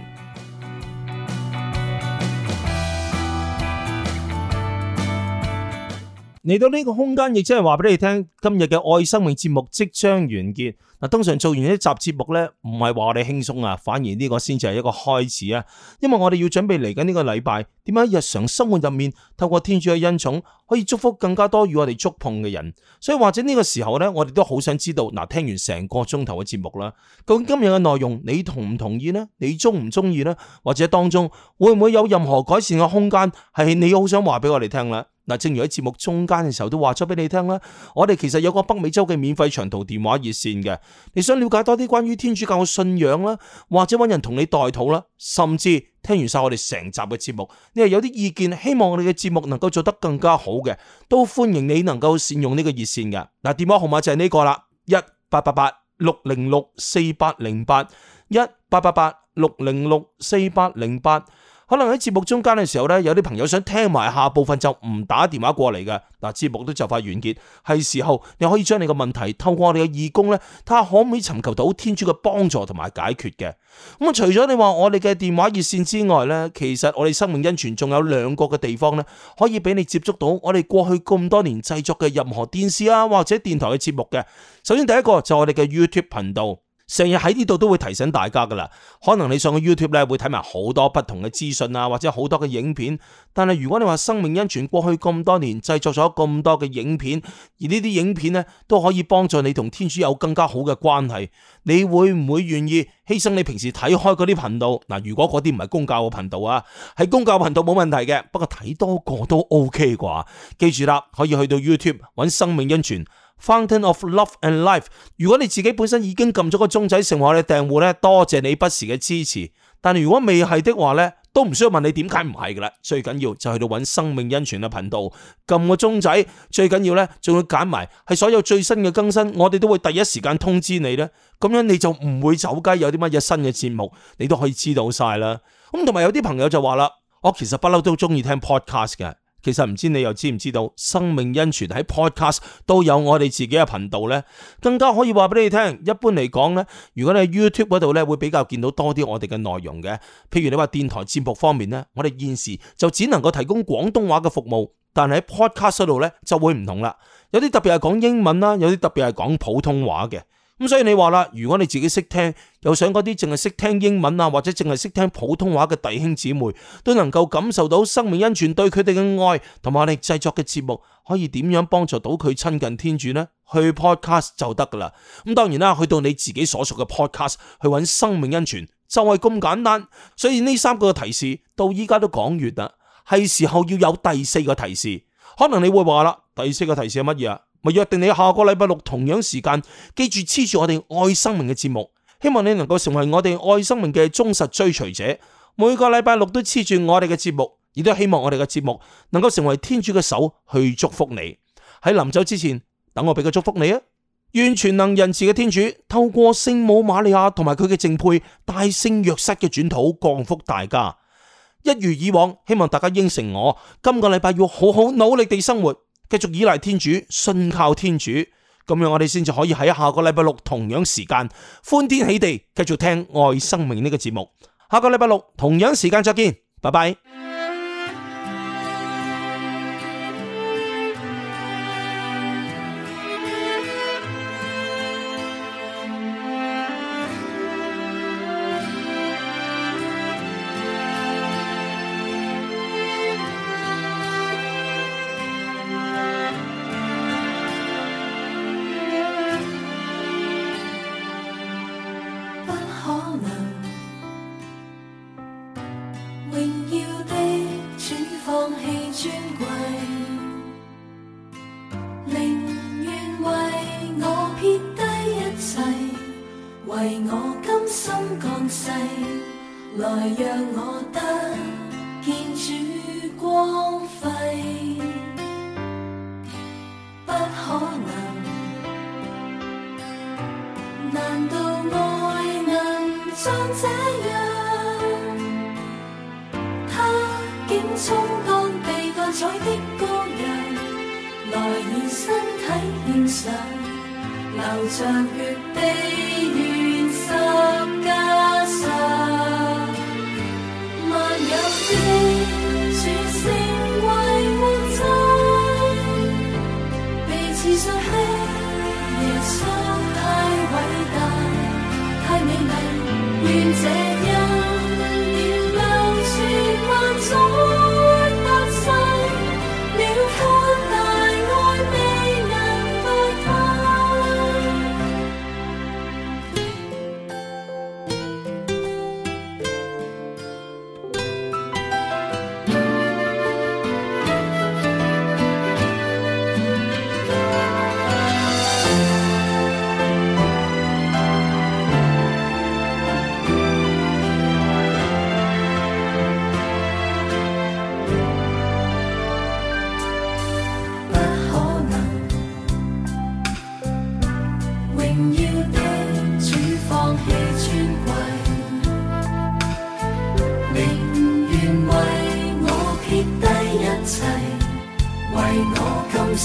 [SPEAKER 2] 嚟到呢個空間，亦即係話俾你聽，今日嘅愛生命節目即將完結。嗱，通常做完一集節目咧，唔係話我哋輕鬆啊，反而呢個先至係一個開始啊。因為我哋要準備嚟緊呢個禮拜，點解日常生活入面透過天主嘅恩寵，可以祝福更加多與我哋觸碰嘅人。所以或者呢個時候咧，我哋都好想知道嗱，聽完成個鐘頭嘅節目啦，究竟今日嘅內容你同唔同意咧？你中唔中意咧？或者當中會唔會有任何改善嘅空間？係你好想話俾我哋聽咧？嗱，正如喺節目中間嘅時候都話咗俾你聽啦，我哋其實有個北美洲嘅免費長途電話熱線嘅，你想了解多啲關於天主教嘅信仰啦，或者揾人同你代禱啦，甚至聽完晒我哋成集嘅節目，你係有啲意見，希望我哋嘅節目能夠做得更加好嘅，都歡迎你能夠善用呢個熱線嘅。嗱，電話號碼就係呢個啦，一八八八六零六四八零八，一八八八六零六四八零八。可能喺節目中間嘅時候呢，有啲朋友想聽埋下部分就唔打電話過嚟嘅。嗱，節目都就快完結，係時候你可以將你個問題透過我哋嘅義工呢，睇下可唔可以尋求到天主嘅幫助同埋解決嘅。咁啊，除咗你話我哋嘅電話熱線之外呢，其實我哋生命恩泉仲有兩個嘅地方呢，可以俾你接觸到我哋過去咁多年製作嘅任何電視啊或者電台嘅節目嘅。首先第一個就係我哋嘅 YouTube 頻道。成日喺呢度都會提醒大家噶啦，可能你上個 YouTube 咧會睇埋好多不同嘅資訊啊，或者好多嘅影片。但係如果你話生命恩泉過去咁多年製作咗咁多嘅影片，而呢啲影片呢都可以幫助你同天主有更加好嘅關係，你會唔會願意犧牲你平時睇開嗰啲頻道？嗱，如果嗰啲唔係公教嘅頻道啊，係公教頻道冇問題嘅，不過睇多個都 OK 啩。記住啦，可以去到 YouTube 揾生命恩泉。Fountain of Love and Life，如果你自己本身已經撳咗個鐘仔成為我哋訂戶咧，多謝你不時嘅支持。但如果未係的話咧，都唔需要問你點解唔係噶啦。最緊要就去到揾生命恩泉嘅頻道，撳個鐘仔，最緊要咧仲要揀埋係所有最新嘅更新，我哋都會第一時間通知你咧。咁樣你就唔會走雞有啲乜嘢新嘅節目，你都可以知道晒啦。咁同埋有啲朋友就話啦，我其實不嬲都中意聽 podcast 嘅。其實唔知你又知唔知道，生命恩泉喺 Podcast 都有我哋自己嘅頻道呢。更加可以話俾你聽。一般嚟講呢，如果你喺 YouTube 嗰度呢，會比較見到多啲我哋嘅內容嘅。譬如你話電台節目方面呢，我哋現時就只能夠提供廣東話嘅服務，但係喺 Podcast 度呢，就會唔同啦。有啲特別係講英文啦，有啲特別係講普通話嘅。咁所以你話啦，如果你自己識聽，又想嗰啲淨係識聽英文啊，或者淨係識聽普通話嘅弟兄姊妹，都能夠感受到生命恩泉對佢哋嘅愛，同埋我哋製作嘅節目，可以點樣幫助到佢親近天主呢？去 podcast 就得噶啦。咁當然啦，去到你自己所屬嘅 podcast 去搵生命恩泉，就係咁簡單。所以呢三個提示到依家都講完啦，係時候要有第四個提示。可能你會話啦，第四個提示係乜嘢啊？咪約定你下個禮拜六同樣時間，記住黐住我哋愛生命嘅節目，希望你能夠成為我哋愛生命嘅忠實追隨者。每個禮拜六都黐住我哋嘅節目，亦都希望我哋嘅節目能夠成為天主嘅手去祝福你。喺臨走之前，等我俾個祝福你啊！願全能仁慈嘅天主透過聖母瑪利亞同埋佢嘅淨配大聖若瑟嘅轉土降福大家。一如以往，希望大家應承我，今個禮拜要好好努力地生活。繼續依賴天主，信靠天主，咁樣我哋先至可以喺下個禮拜六同樣時間歡天喜地繼續聽愛生命呢個節目。下個禮拜六同樣時間再見，拜拜。
[SPEAKER 1] 流着血的雨。